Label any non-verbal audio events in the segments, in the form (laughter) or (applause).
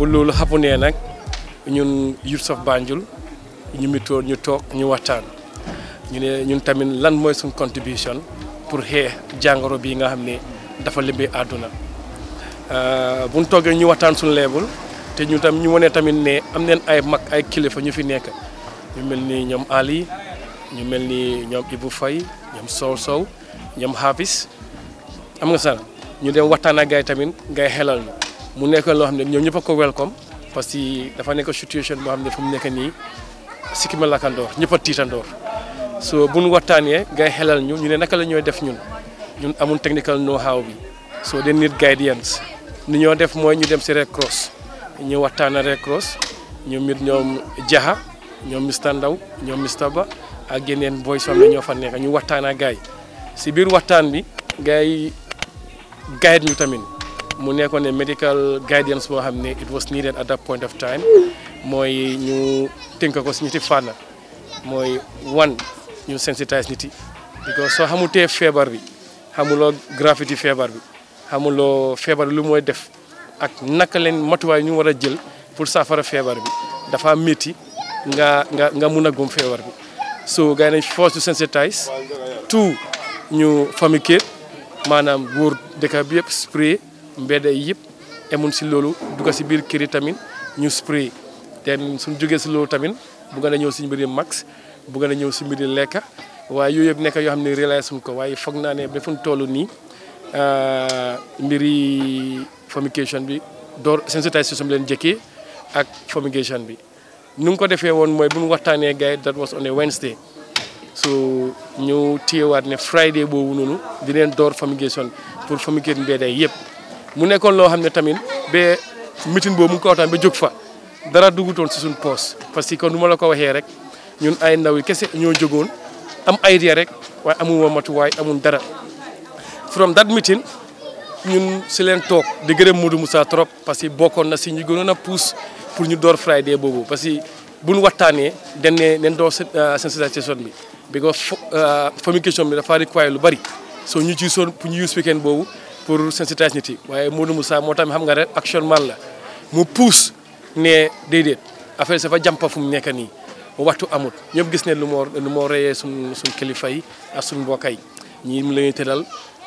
bu loolu xamunee nag ñun Youth of Banjul ñu mitoon ñu toog ñu waxtaan ñu ne ñun tamit lan mooy suñ contribution pour xee jàngoro bii nga xam ne dafa lëmbee àdduna euh, bu ñu toogee ñu waxtaan suñ leebul te ñu tam ñu wane tamit ne am neen ay mag ay kilifa ñu fi nekk ñu mel ni ñoom Ali ñu mel ni ñoom Ibou Faye ñoom Sow soow ñoom Habis am nga sax ñu dem waxtaan ak gars yi tamit ngay xelal na mu nekkoon loo xam ne ñoom ñëpp a ko welcome parce que dafa nekk situation boo xam ne fu mu nekk nii sikkima lakkandoor ñëpp a tiitandoor so bu ñu waxtaanee ngay xelal ñu ñu ne naka la ñoo def ñun ñun amul technical know how bi so they need guidance ni def mooy ñu dem si Red ñu waxtaan a Red Cross ñoom it ñoom Jaha ñoom Mr Ndaw ñoom Mr Ba ak yeneen boy som ñoo fa nekk ñu waxtaan ak gars yi si biir waxtaan bi gars yi guide ñu tamit mu nekkoon ne medical guidance boo xam ne it was needed at that point of time mooy ñu tënk ko si ñetti fànn mooy one ñu sensitise nit yi because soo xamutee feebar bi xamuloo gravité feebar bi xamuloo feebar bi lu mooy def ak naka leen matuwaay ñu war a jël pour saafara feebar bi dafa métti nga nga nga mun a gum feebar bi so gars yi nañ force ñu sensitise ñu famille maanaam buur dëkk bi yëpp spray mbedda yi yëpp emun si loolu dugga si biir kër yi ñu spray té suñu jógee ci lolu tamin bu gëna ñëw max bu gëna ñëw si mbiri lekka waye yooyu yëpp nekk yoo xam relais suñ ko waye fogg na ne be fuñ tollu ni euh mbiri fumigation bi door sensitisation bi leen jeki, ak fumigation bi nu ko défé won moy bu mu that was on a Wednesday so ñu tiewat né Friday boobu Di leen door fumigation pour fumigate mbedda yëpp mu nekkoon loo xam ne tamit ba meeting boobu mu ngi ko waxtaan ba jóg fa dara dugutoon si suñ poos parce que kon nu ma la ko waxee rek ñun ay ndaw yi kese ñoo jógoon am idée rek waaye amul woon matuwaay amul dara from that meeting ñun si leen toog di gërëm Modou Moussa trop parce que bokkoon na si ñu gënoon a pousse pour ñu door Friday boobu parce que bu ñu waxtaanee dañ ne dañ door euh, sensitisation bi because communication euh, bi dafa require lu bari soo ñu ci soon pour ñu use boobu pour sensitiser nit yi waaye Modou Moussa moo tamit xam nga rek actionnement la mu pousse ne déedéet affaire yi dafa jàmpa fu mu nekk nii waxtu amut ñëpp gis ne lu moo lu moo reyee suñ suñ kilifa yi ak suñ mbokkaay ñi mu la ñuy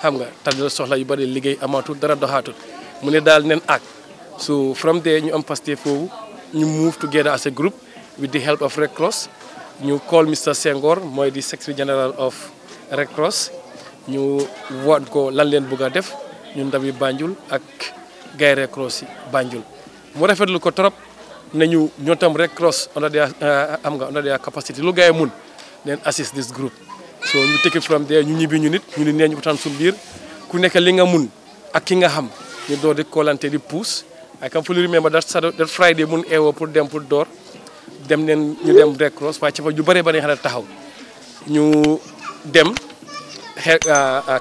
xam nga tànnal soxla yu bëri liggéey amaatul dara doxaatul mu ne daal neen ak so from there ñu am Pastef foofu ñu move together as a group with the help of Red Cross ñu call Mr Senghor mooy di secretary general of Red Cross ñu woon ko lan leen bëgg a def ñu ndaw yi Banjul ak gay Red Cross yi Banjul mu rafetlu ko trop ne ñu ñoo tam Red Cross on a their euh, am nga on a their capacity lu gars yi mun leen assist this group so ñu tekki from there ñu ñibbi ñu nit ñu ni nee ñu utaan suñu biir ku nekk li nga mun ak ki nga xam ñu door di koolante di puus I can fully remember that Saturday that Friday mun eewoo pour dem pour door dem neen ñu dem Red Cross waaye ci fa ñu bëree bëri xanaa taxaw ñu dem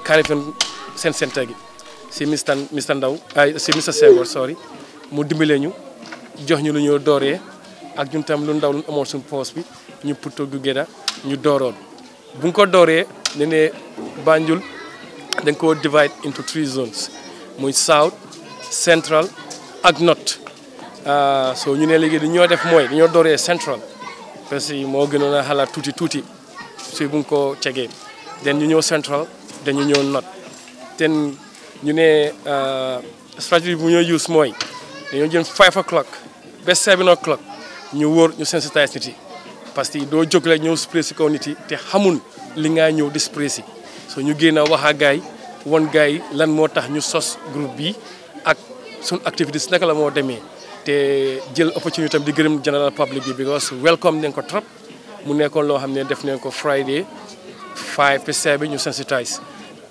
Kanifing seen centre gi si Mr Mr Ndaw ay si Mr Senghor sorry mu dimbalee ñu jox ñu lu ñu dooree ak ñun tam lu ndaw lu amoon suñu poos bi ñu putto gu géda ñu dooroon bu nga ko dooree ne ne Banjul dañ ko divide into three zones muy south central ak north ah, so ñu ne léegi li ñoo def mooy dañoo dooree central parce que moo gënoon a xalaat tuuti tuuti si bu nga ko cegee den ñu ñëw central dañu ñëw north ten ñu ne euh, stratégie bu ñoo use mooy dañoo jëm 5 o'clock ba 7 o'clock ñu wóor ñu sensitise nit yi parce que doo jóg rek ñëw si kaw nit te xamul li ngaa ñëw di spray si so ñu génn a wax a gaay wan gaay yi lan moo tax ñu sos groupe bi ak suñ activité si naka la moo demee te jël opportunité tam di gërëm general public bi because welcome nañ ko trop mu nekkoon loo xam ne def nañ ko Friday 5 ba 7 ñu sensitise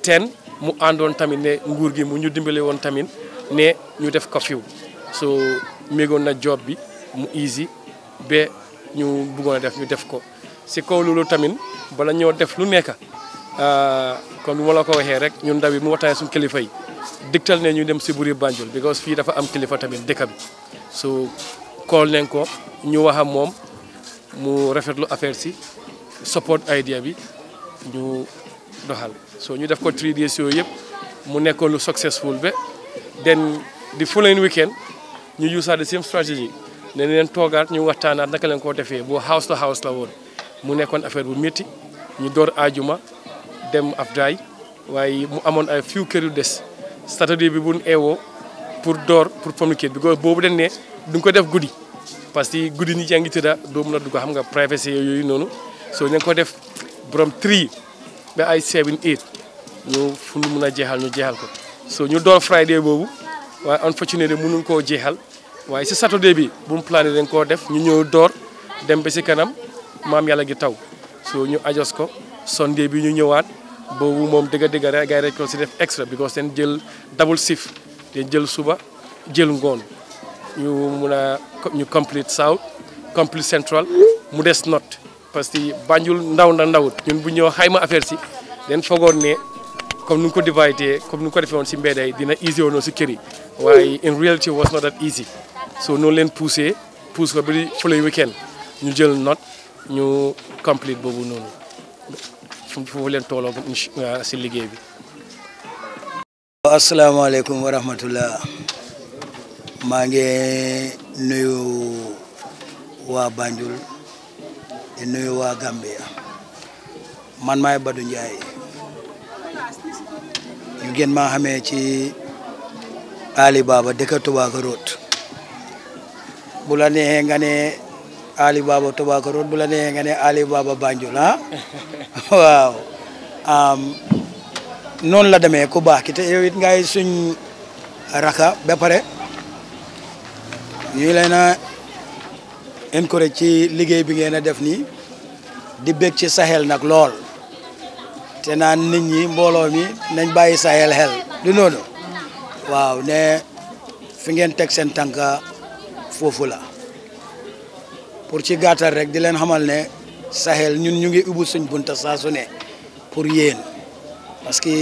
10 mu àndoon tamit ne nguur gi mu ñu dimbale woon tamit ne ñu def ko curfew so mégoon na job bi mu easy ba ñu bëggoon a def ñu def ko si kaw loolu tamit bala ñoo def lu nekk ah, comme ni ma ko waxee rek ñun ndaw yi mu waxtaanee suñu kilifa yi digtal ne ñu dem si buri Banjul because fii dafa am kilifa tamit dëkka bi so kool nañ ko ñu wax ak moom mu rafetlu affaire si support idea bi doxal so ñu def ko three days yooyu yëpp mu nekkoon lu successful ba den di following weekend ñu usaat the same strategy ne leen toogaat ñu waxtaanaat naka leen koo defee boo house to house la woon mu nekkoon affaire bu métti ñu door ajuma dem afdaay waaye mu amoon ay few kër yu des saturday bi buñ eewoo pour door pour communicate bi boobu dañ ne duñ ko def guddi parce que guddi ñi jàngi tëdda doo mën a dugg xam nga privacy yooyu noonu soo ñu ko def borom tri ba ay 7 8 ñu fu ñu mun a jeexal ñu jeexal ko so ñu door Friday boobu waaye unfortunately mënuñ koo jeexal waaye si Saturday bi bu mu plané dañ koo def ñu ñëw door dem ba si kanam maam yàlla gi taw so ñu ajos ko Sunday bi ñu ñëwaat boobu moom dëgg dëgg rek gars si def extra because dañ jël double shift dañ jël suba jël ngoon ñu mun a ñu complete south complete central mu des nord parce que Banjul ndaw na ndawut ñun bu ñëw xayma affaire si den fogoon ne comme nu ko dividé comme nu ko defee si mbedda yi dina easy woon si kër yi waaye in reality was not that easy so noonu leen poussé pousse ko ba di following weekend ñu jël note ñu complete boobu noonu foofu leen tooloo uh, si liggéey bi. asalaamaaleykum wa rahmatullah maa ngi nuyu waa Banjul. di nuyu waa Gambia man maay Badou Ndiaye ñu gën maa xamee ci Ali Baba dëkk Tobacco Road bu la neexee nga ne Ali Baba Tobacco Road bu la neexee Ali Baba Banjul ah (laughs) waaw noonu la demee ku baax ki te yow it ngay suñ raka ba pare ñu encourage ci liggéey bi ngeen a def nii di bég ci Sahel nag lool te naan nit ñi mbooloo mi nañ bàyyi Sahel xel du noonu waaw ne fi ngeen teg seen tànka foofu la pour ci gàttal rek di leen xamal ne Sahel ñun ñu ngi ubbi suñ bunta saa su ne pour yéen parce que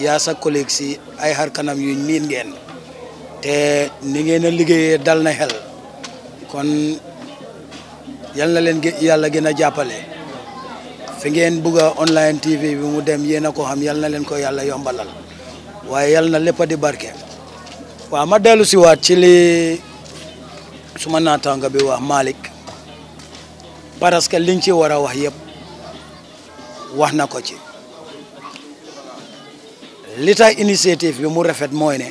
yaa sa collègue si ay xar kanam yuñ miin ngeen te ni ngeen a liggéeyee dal na xel kon yalla len yalla yalla gën a fi ngeen bugg online TV bi mu dem yéen ko xam yalla len ko yalla yombalal waye yalla na lépp di barke. wa ma delu ci wat ci li suma nga bi wax malik parce que liñ ci wara wax yeb wax nako ci li initiative bi mu rafet moy ne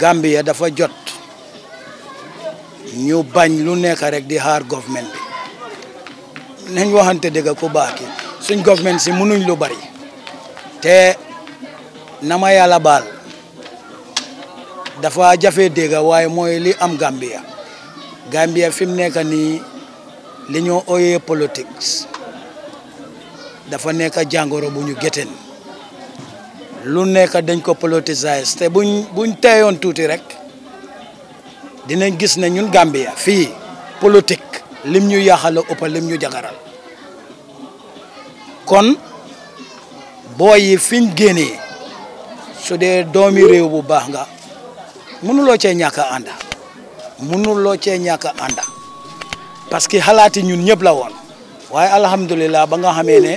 Gambia dafa jot. ñu bañ lu nekk rek di xaar government bi nañ waxante dëgg ku baax suñ government si mënuñ lu bari te nama ma yàlla baal dafa jafe dégg waaye mooy li am Gambia Gambia fi mu nekk ni li ñoo oyee politique dafa nekk jàngoro bu ñu géteen lu nekk dañ ko politiser te buñ buñ teyoon tuuti rek dinañ gis ne ñun Gambia fi politique lim ñu yaaxal ëpp lim ñu jagaral kon boyi yi fiñ génnee su dee doomi réew bu baax nga mënu lo ci ñaka anda mënu lo ci ñaka anda parce que halati ñun ñëpp la woon waye alhamdullilah ba nga xamé ne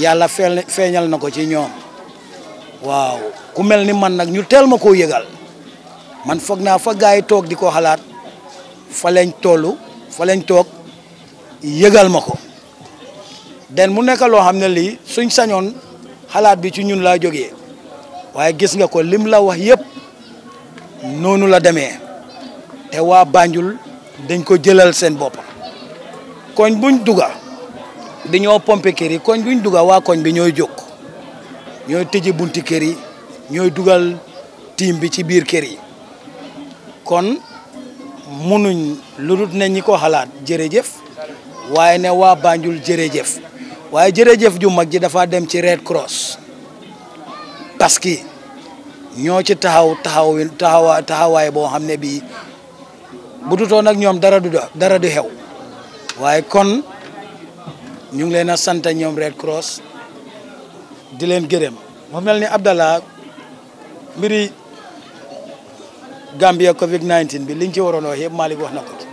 yalla feeñal nako ci ñoom waaw ku melni man nak ñu yegal man fogna fa tok diko di ko halat fa lañ tolu fa lañ tok yegal mako den mu nekk lo xamne li suñ sañon halat bi ci ñun la jógee waye gis nga ko lim la wax yëpp nonu la demee te wa Banjul dañ ko jëlal seen bop koñ buñ duga bi ñoo pompe kër koñ buñ duga wa koñ bi ñoy jokk ñoy tëji bunti kër yi dugal tim bi ci keri. kéri kon munuñ lu dul ne ñi ko xalaat jërëjëf waaye ne waa Banjul jërëjëf waaye jërëjëf ju mag ji dafa dem ci Red Cross parce que ñoo ci taxaw taxaw taxawa taxawaay boo xam ne bii bu dutoon ñoom dara du dara du xew waaye kon ñu ngi leen a sant ñoom Red Cross di leen gërëm mu Abdallah mbiri Gambia Covid 19 bi liñ ci waroon wax yëpp Malick wax na ko ci.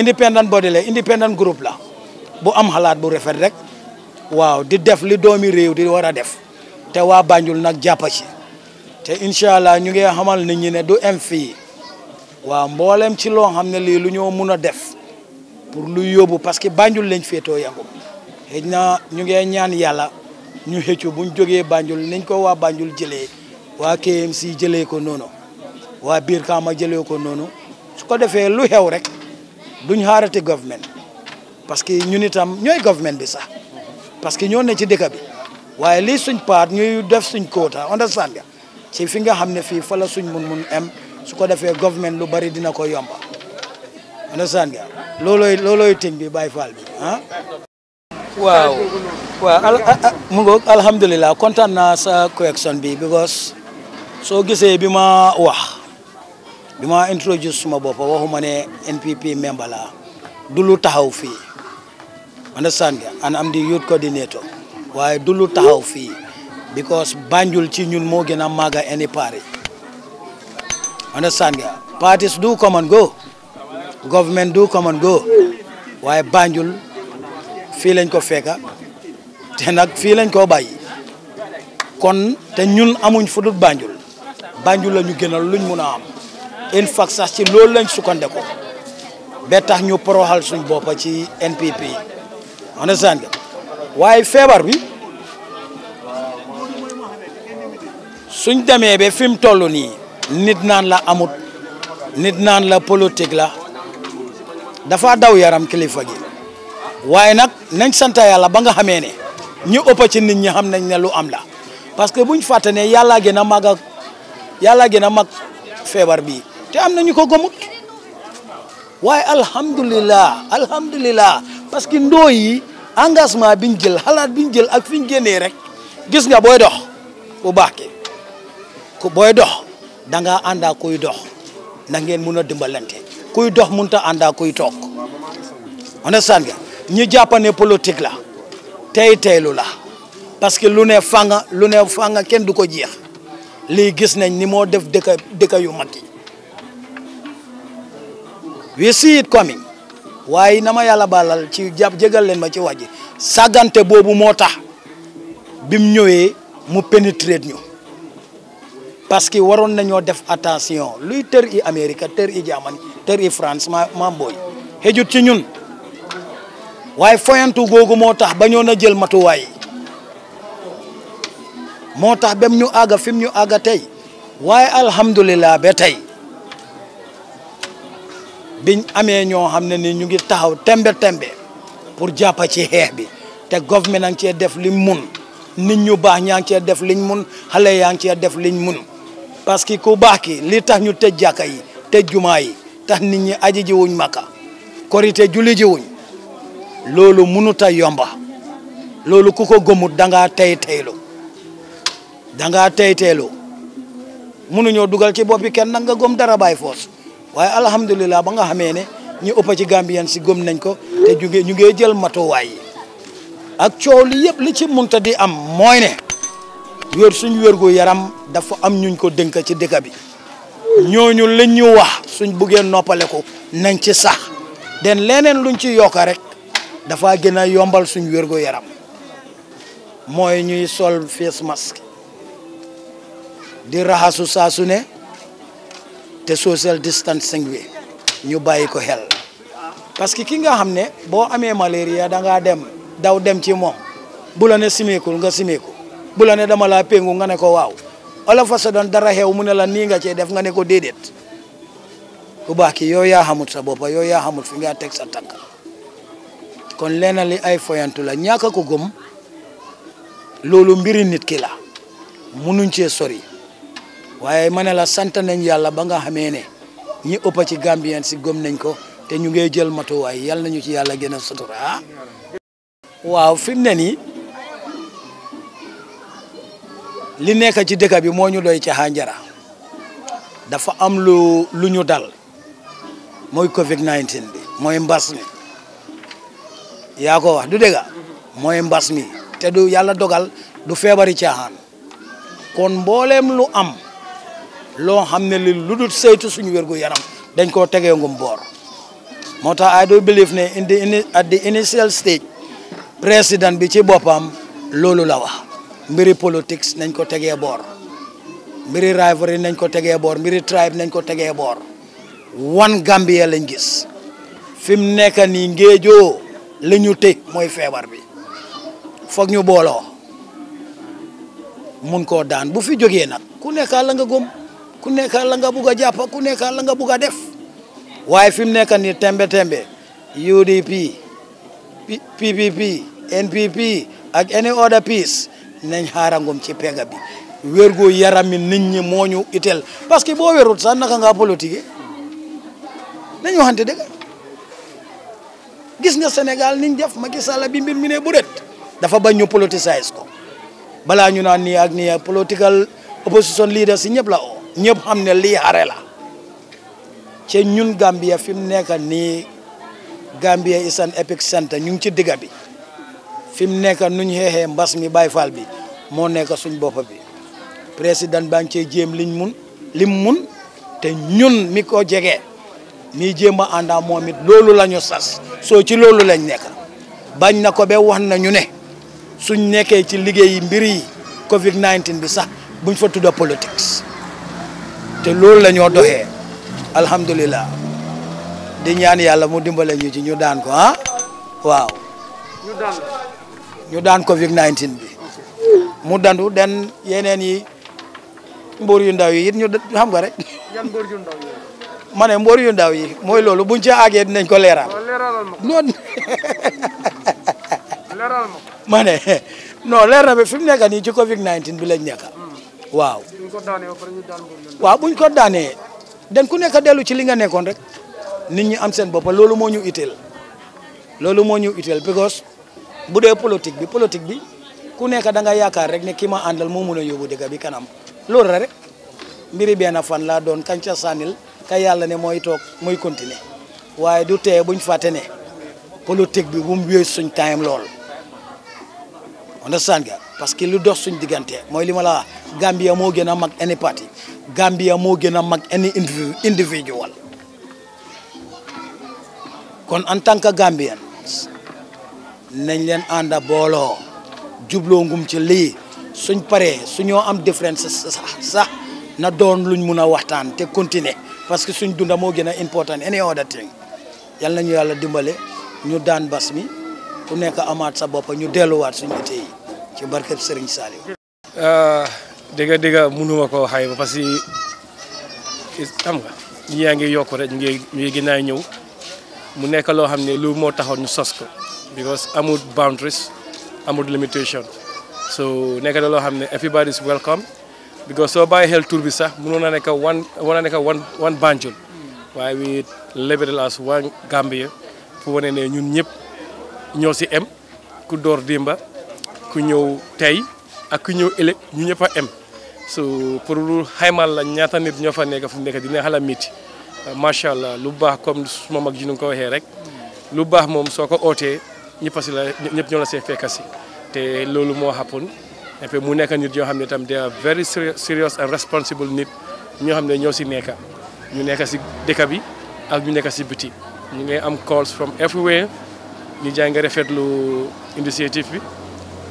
independent body la independent group la bu am xalaat bu rafet rek waaw di def li doomi réew di war a def te waa Banjul nag jàpp te incha allah ñu ngi xamal nit ñi ne du em fii waaw mboolem ci loo xam ne lii lu ñoo mun a def pour lu yóbbu parce que Banjul lañ féetoo yàggu xëj na ñu ngi ñaan yàlla ñu xëccu buñ jógee Banjul niñ ko waa Banjul jëlee waa KMC jëlee ko noonu. waa biir ka ma jëlee ko noonu su ko defee lu xew rek duñ xaarati government parce que ñun itam ñooy government bi sax parce que ñoo ne ci dëkk waaye lii suñ part ñuy def suñ quota understand nga ci fi nga xam ne fii fa la suñ mun mun am su ko defee government lu bari dina ko yomba understand nga loolooy loolooy ting bi Baye Fall bi ah alhamdulillah waaw mu ngoog sa correction bi because soo gisee bi ma wax bi ma introduce suma bopp waxuma ne NPP member laa du lu taxaw fii understand and am di youth coordinator waaye du lu taxaw fii because Banjul ci ñun moo gën a màgg any party understand nga parties du come go government do come go waaye Banjul fii lañ ko fekka te nag fii lañ koo bàyyi kon te ñun amuñ fu dul Banjul Banjul la ñu gënal luñ mun am INFAC sax ci loolu lañ sukkandiku ba tax ñu poroxal suñ boppa ci NPP yi understand waaye feebar bi suñ demee ba fi mu toll nii nit naan la amut nit naan la politique la dafa daw yaram kilifa gi waaye nag nañ sant yàlla ba nga xamee ne ñu ëpp ci nit ñi xam nañ ne lu am la parce que buñ fàtte yàlla gën a mag yàlla gën a mag feebar bii te am na ñu ko alhamdulillah alhamdulillah parce que ndoo yi engagement biñu jël halat biñu jël ak fiñu génnee rek gis nga boy dox bu baaké ku boy dox da nga anda koy dox na ngeen mëna dimbalanté koy dox munta anda koy tok understand nga ñi jàpp ne politique la tay lu la parce que lu né fanga lu né fanga kenn du ko jeex gis nañ ni mo def deka deka yu we see it waaye na ma yàlla balal ci jàpp jégal leen ma ci wax ji sàggante boobu moo tax bim ñëwee mu pénétrer ñu parce que waroon nañoo def attention luy tër i Amérique tër i Germany tër i France ma maam booy ci ñun waaye foyantu googu moo tax ba ñoo na jël matuwaay moo tax bem ñu àgga fi ñu àgga tey waaye alhamdulilah ba tey biñ amee ñoo xam ne ni ñu ngi taxaw tembe tembe pour jàppa ci xeex bi te government a ngi cee def liñ mun nit ñu baax ñaa ngi cee def liñ mun xale yaa ngi cee def liñ mun parce que ku baax ki li tax ñu tëj jàkka yi tëj jumaa yi tax nit ñi aji ji wuñ makka korite julli ji wuñ loolu mënut a yomba loolu ku ko gëmut da ngaa tey teylu da ngaa tey teylu mënuñoo dugal ci boppi kenn nag nga gëm dara bàyyi foos waaye alhamdulilah ba nga xamee ne ñu ëpp ci Gambien si gëm nañ ko te ñu ngi ñu ngi jël matuwaay ak coow li yëpp li ci munta di am mooy ne wér suñ wérgu yaram dafa am ñuñ ko dënk ci dëkk bi ñooñu liñ ñu wax suñ buggee noppale ko nañ ci sax den leneen luñ ci yokk rek dafa gën a yombal suñ wérgu yaram mooy ñuy sol face masque di raxasu saa su ne te social distancing bi ñu bàyyi ko xel parce que ki nga xam ne boo amee malaria da ngaa dem daw dem ci moom bu la ne simeekul nga simeeku bu la ne dama laa péngu nga ne ko waaw olof fa sa doon dara xew mu ne la nii nga cee def nga ne ko dédét ku baax ki yow yaa xamut sa boppa yow yaa xamut fi nga teg sa tànk kon lenn li ay foyantu la ñàkk ko gëm loolu mbiri nit ki la munuñ cee sori. waaye ma ne la sant nañ yàlla ba nga xamee ne ñi ëppa ci gambien si gëm nañ ko te ñu ngay jël matuwaay yal nañu ci yàlla gën a sutura waaw fi mu ne ni li nekk ci dëkk bi moo ñu doy ci xanjara dafa am lu lu ñu dal mooy covid 19 bi mooy mbas mi yaa ko wax du dégga mooy mbas mi te du yàlla dogal du feebari caaxaan kon mbooleem lu am loo xam ne li lu dul saytu suñu wérgu yaram dañ koo tegee ngum boor moo tax I do believe ne in the at the initial stage président bi ci boppam loolu la wax mbiri politique nañ ko tegee boor mbiri rivalry nañ ko tegee boor mbiri tribe nañ ko tegee boor wan Gambia lañ gis fi mu nekk nii ngéejoo la ñu tëj mooy feebar bi foog ñu booloo mun koo daan bu fi jógee nag ku nekkaa la nga gëm ku nekk la nga bugg japp ku nekk nga def waaye fim tembe tembe UDP PPP NPP ak any other piece nañ harangum ci pega bi wérgu yarami nit ñi moñu itel parce que bo wérut sa naka nga politique nañu waxante dëgg gis nga Sénégal niñ def makisala Sall bi mbir miné dafa bañ ñu politicize ko bala ñu nan ni ak ni political opposition leader si ñep la ñëpp xam ne lii xare la ñun Gambia fi mu nekk nii Gambia is an epic centre ñu ngi ci digga bi fi mu nekk nuñ xeexee mbas mi Baye Fall bi moo nekk suñ bopp bi président ban ngi jéem liñ mun lim mun te ñun mi ko jege mi jéem a àndaa moom it loolu la sas soo ci loolu lañ nekk bañ na ko ba wax nañu ne suñ nekkee ci liggéeyi mbir yi Covid 19 bi sax buñ fa tudda politics te loolu la ñoo doxee alhamdulilah di ñaan yàlla mu dimbale ñu ci ñu daan ko ah waaw. ñu daan ñu daan Covid 19 bi mu dandu den yeneen yi mboor yu ndaw yi it ñu xam nga rek. yan mboor yu ndaw yi. ma yu ndaw yi mooy loolu bu ci àggee dinañ ko leeral. noonu. leeral ma ne non leer na bi fi mu nekk nii ci Covid 19 bi lañ nekk hmm. waaw. wa buñ ko daanee den ku nekk delu ci li nga nekkon rek nit ñi am seen bop loolu mo ñu loolu mo ñu because bu dee politique bi politique bi ku nekk da nga yaakar rek ne kima andal mo moo mun a bi kanam loolu rek mbiri benn fan la doon kan ca sanil ka yalla ne moy tok moy continuer waye du buñ faté ne politique bi bu mu suñ time lool understand ga? parce que lu dox suñ diggante mooy li ma la Gambia moo gën a mag any party Gambia moo gën a mag any individual kon en tant que Gambien nañ leen ànda booloo jubloo ngum ci lii suñ paree suñoo am différence sax sax na doon luñ mun a waxtaan te continuer parce que suñ dunda moo gën a important any other thing yal ñu yàlla dimbale ñu daan bas mi ku nekk amaat sa bopp ñu delluwaat suñ ité yi ci barkeb Serigne Saliou. Ah, dëgg dëgg mënuma koo xayma parce que xam nga ñi yaa ngi yokk rek ñu ngi ñu ñëw mu nekk loo xam ne lu moo taxoon ñu sos ko because amul boundaries amul limitation so nekk na loo xam ne everybody is welcome because soo bàyyi xel tur bi sax mënoon na nekk one mën na nekk Banjul waaye we label it as one Gambia pour wane ne ñun ñëpp ñoo si em ku door dimba ku ñëw tey ak ku ñëw ëllëg ñu ñëpp a am su pour xaymal la ñaata nit ñoo fa nekk fu mu nekk dina xala miiti macha allah lu baax comme suma mag ji nu ko waxee rek lu baax moom soo ko ootee ñëpp si la ñëpp ñoo la see fekk si te loolu moo xapoon et mu nekk nit ñoo xam ne tam they are very serious and responsible nit ñoo xam ne ñoo si nekka ñu nekk si dëkk bi ak ñu nekk si biti ñu ngay am calls from everywhere ñu jaay nga rafetlu initiative bi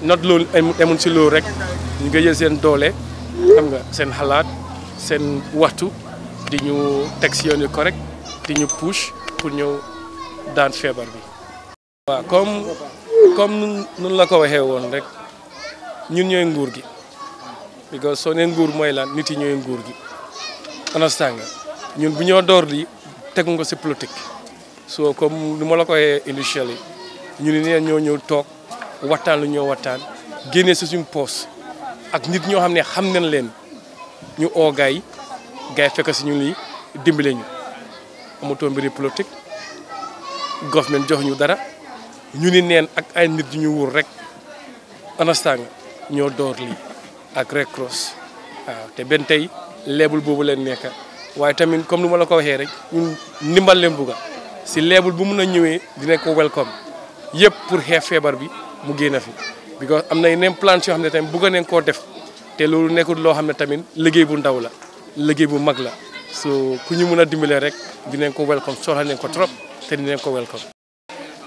not loolu emun si loolu rek ñu ngi jël seen doole xam nga seen xalaat seen waxtu di ñu teg si yoon yu correct di ñu push pour ñëw daan feebar bi. waaw comme comme nun la ko waxee woon rek ñun ñooy nguur gi because soo nee nguur mooy lan nit yi ñooy nguur gi understand nga ñun bu ñoo door li tegu nga si politique soo comme nu ma la ko waxee initially ñu ne ñoo ñëw toog. Watan lu ñoo watan génnee si suñu pos ak nit ñoo xam xam nañ leen ñu o gaay yi gaay fekk ci ñu li dimbalé ñu mbiri politique government jox ñu dara ñu ni neen ak ay nit ñu wuur rek anastang ñoo door li ak Red Cross té te tay lebul bobu leen nekk waye tamit comme ni la ko waxé rek ñu nimbal leen buga si lebul bu mëna ñëwé dina ko welcome yépp pour xé fébar bi mu génn fi because am na neen plans yoo xam ne tamit bëgg nañ koo def te loolu nekkul loo xam ne tamit liggéey bu ndaw la liggéey bu mag la so ku ñu mun a dimbale rek dinañ ko welcome soxla nañ ko trop te dinañ ko welcome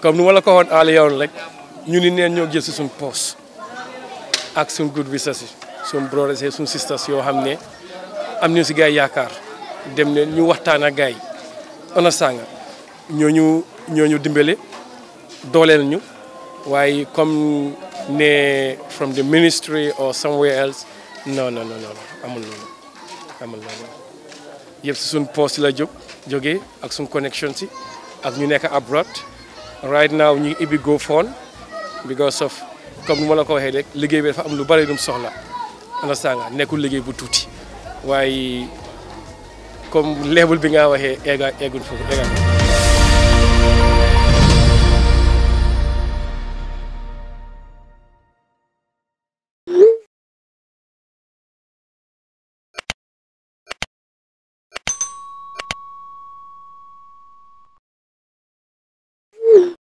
comme nu ma la ko waxoon aali yoon rek ñu ni neen ñoo jël si suñ poos ak suñ good wishes si suñ brothers suñ sisters yoo xam ne am nañu si gaa yaakaar dem ne ñu waxtaan ak gars yi on a sànga ñooñu ñooñu dimbale dooleel ñu waaye comme ne from the ministry or somewhere else non non non non si suñ poste la jóg jógee ak suñ connection si ak ñu nekk abroad right now ñu ngi ibbi GoFund because of comme ni ma la ko waxee rek liggéey bi dafa am lu bari lu mu soxla understand nga nekkul liggéey bu tuuti waaye comme leebul bi nga waxee egga eggul foofu egga